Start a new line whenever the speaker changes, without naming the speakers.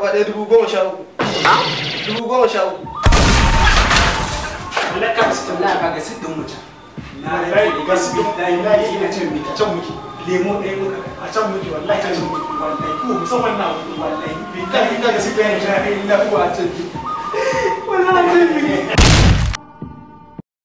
gaba ɗaya dubu goma sha uku dubu goma sha uku Allah ka fasitin na ga siddin mutum
na rai ga siddin na yi na can muke can muke lemo ɗaya muka a can muke wallahi can muke wallahi ko musamman na wallahi bai ka ga siddin na rai na kuwa a
can muke
wallahi can muke